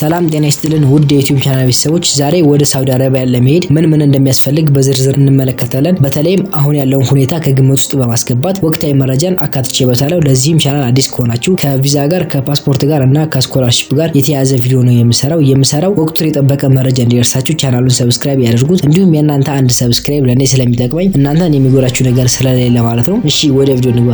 ሰላም ጤና ይስጥልን ውድ የዩቲዩብ ቻናል ቤተሰቦች፣ ዛሬ ወደ ሳውዲ አረቢያ ለመሄድ ምን ምን እንደሚያስፈልግ በዝርዝር እንመለከታለን። በተለይም አሁን ያለውን ሁኔታ ከግምት ውስጥ በማስገባት ወቅታዊ መረጃን በታለው። ለዚህም ቻናል አዲስ ከሆናችሁ ከቪዛ ጋር ከፓስፖርት ጋር እና ከስኮላርሽፕ ጋር የተያያዘ ቪዲዮ ነው የምሰራው የምሰራው ወቅቱን የጠበቀ መረጃ እንዲደርሳችሁ ቻናሉን ሰብስክራይብ ያደርጉት። እንዲሁም የእናንተ አንድ ሰብስክራይብ ለእኔ ስለሚጠቅመኝ እናንተን የሚጎዳችሁ ነገር ስለሌለ ማለት ነው። እሺ ወደ ቪዲዮ ንግባ።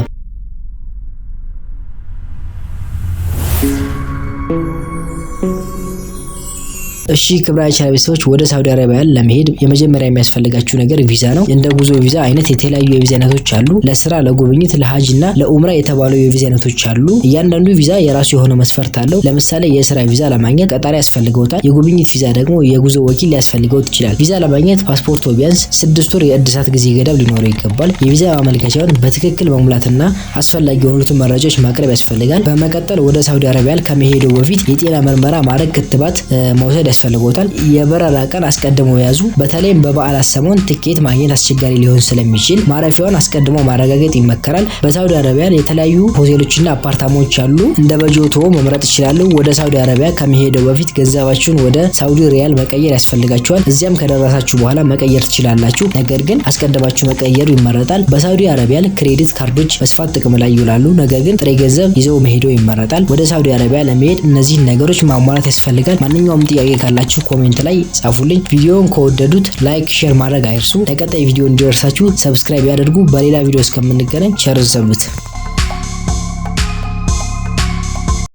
እሺ ክብራቻ ሰዎች ወደ ሳውዲ አረቢያ ለመሄድ የመጀመሪያ የሚያስፈልጋችሁ ነገር ቪዛ ነው። እንደ ጉዞ ቪዛ አይነት የተለያዩ የቪዛ አይነቶች አሉ። ለስራ፣ ለጉብኝት፣ ለሀጅ እና ለኡምራ የተባሉ የቪዛ አይነቶች አሉ። እያንዳንዱ ቪዛ የራሱ የሆነ መስፈርት አለው። ለምሳሌ የስራ ቪዛ ለማግኘት ቀጣሪ ያስፈልገውታል። የጉብኝት ቪዛ ደግሞ የጉዞ ወኪል ሊያስፈልገውት ይችላል። ቪዛ ለማግኘት ፓስፖርቶ ቢያንስ ስድስት ወር የእድሳት ጊዜ ገደብ ሊኖረው ይገባል። የቪዛ ማመልከቻውን በትክክል መሙላትና አስፈላጊ የሆኑትን መረጃዎች ማቅረብ ያስፈልጋል። በመቀጠል ወደ ሳውዲ አረቢያ ከመሄደው በፊት የጤና ምርመራ ማድረግ ክትባት መውሰድ ያስፈልጎታል። የበረራ ቀን አስቀድሞ ያዙ። በተለይም በበዓላት ሰሞን ትኬት ማግኘት አስቸጋሪ ሊሆን ስለሚችል ማረፊያውን አስቀድሞ ማረጋገጥ ይመከራል። በሳውዲ አረቢያ የተለያዩ ሆቴሎችና አፓርታማዎች አሉ። እንደ በጆቶ መምረጥ ይችላሉ። ወደ ሳውዲ አረቢያ ከመሄደው በፊት ገንዘባችሁን ወደ ሳውዲ ሪያል መቀየር ያስፈልጋችኋል። እዚያም ከደረሳችሁ በኋላ መቀየር ትችላላችሁ። ነገር ግን አስቀድማችሁ መቀየሩ ይመረጣል። በሳውዲ አረቢያ ክሬዲት ካርዶች በስፋት ጥቅም ላይ ይውላሉ። ነገር ግን ጥሬ ገንዘብ ይዘው መሄደው ይመረጣል። ወደ ሳውዲ አረቢያ ለመሄድ እነዚህን ነገሮች ማሟላት ያስፈልጋል። ማንኛውም ጥያቄ ካላችሁ ኮሜንት ላይ ጻፉልኝ። ቪዲዮውን ከወደዱት ላይክ፣ ሼር ማድረግ አይርሱ። ለቀጣይ ቪዲዮ እንዲደርሳችሁ ሰብስክራይብ ያደርጉ። በሌላ ቪዲዮ እስከምንገናኝ ቸርን ሰንብት።